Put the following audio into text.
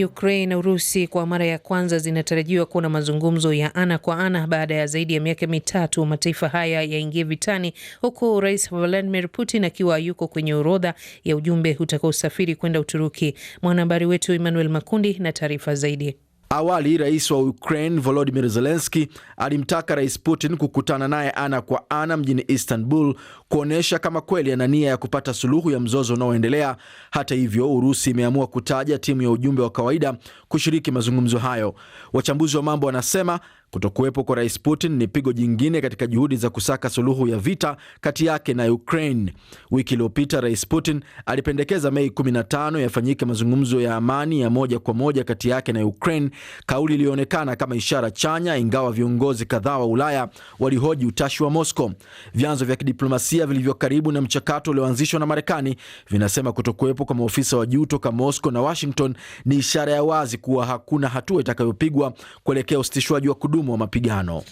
Ukraine na Urusi kwa mara ya kwanza zinatarajiwa kuwa na mazungumzo ya ana kwa ana baada ya zaidi ya miaka mitatu mataifa haya yaingie vitani, huku Rais Vladimir Putin akiwa yuko kwenye orodha ya ujumbe utakaosafiri kwenda Uturuki. Mwanahabari wetu Emmanuel Makundi na taarifa zaidi. Awali rais wa Ukraine volodimir zelenski alimtaka rais Putin kukutana naye ana kwa ana mjini Istanbul kuonyesha kama kweli ana nia ya kupata suluhu ya mzozo unaoendelea. Hata hivyo, Urusi imeamua kutaja timu ya ujumbe wa kawaida kushiriki mazungumzo hayo. Wachambuzi wa mambo wanasema Kutokuwepo kwa Rais Putin ni pigo jingine katika juhudi za kusaka suluhu ya vita kati yake na Ukraine. Wiki iliyopita Rais Putin alipendekeza Mei 15 yafanyike mazungumzo ya amani ya moja kwa moja kati yake na Ukraine, kauli iliyoonekana kama ishara chanya, ingawa viongozi kadhaa wa Ulaya walihoji utashi wa Moscow. Vyanzo vya kidiplomasia vilivyo karibu na mchakato ulioanzishwa na Marekani vinasema kutokuwepo kwa maofisa wa juu toka Moscow na Washington ni ishara ya wazi kuwa hakuna hatua itakayopigwa kuelekea usitishwaji wa kudumu mhudumu wa mapigano.